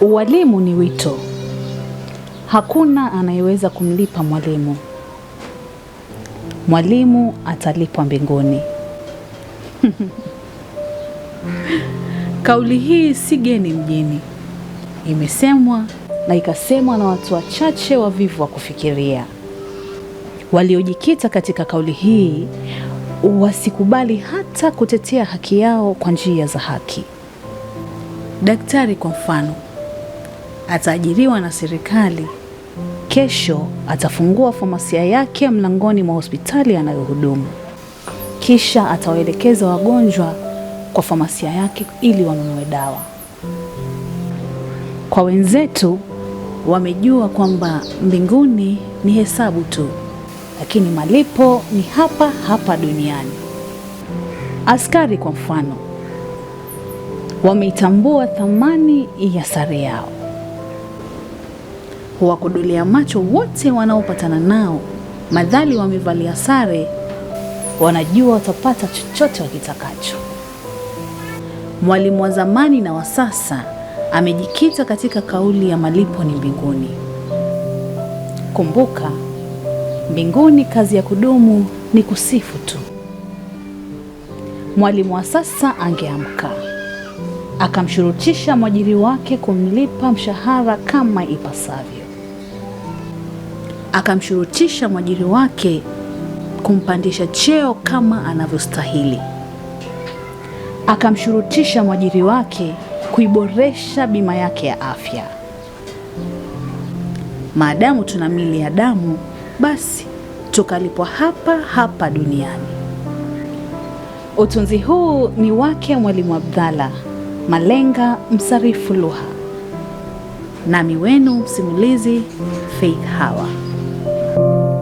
Ualimu ni wito. Hakuna anayeweza kumlipa mwalimu. Mwalimu atalipwa mbinguni. Kauli hii si geni mjini, imesemwa na ikasemwa na watu wachache wavivu wa kufikiria. Waliojikita katika kauli hii wasikubali hata kutetea haki yao kwa njia za haki. Daktari kwa mfano ataajiriwa na serikali, kesho atafungua famasia yake mlangoni mwa hospitali anayohudumu, kisha atawaelekeza wagonjwa kwa famasia yake ili wanunue dawa. Kwa wenzetu wamejua kwamba mbinguni ni hesabu tu, lakini malipo ni hapa hapa duniani. Askari kwa mfano, wameitambua thamani ya sare yao kuwakodolea macho wote wanaopatana nao, madhali wamevalia sare, wanajua watapata chochote wakitakacho. Mwalimu wa zamani na wa sasa amejikita katika kauli ya malipo ni mbinguni. Kumbuka, mbinguni kazi ya kudumu ni kusifu tu. Mwalimu wa sasa angeamka akamshurutisha mwajiri wake kumlipa mshahara kama ipasavyo akamshurutisha mwajiri wake kumpandisha cheo kama anavyostahili. Akamshurutisha mwajiri wake kuiboresha bima yake ya afya. Maadamu tuna mili ya damu, basi tukalipwa hapa hapa duniani. Utunzi huu ni wake Mwalimu Abdalla Malenga, msarifu lugha, nami wenu msimulizi Faith Hawa. thank you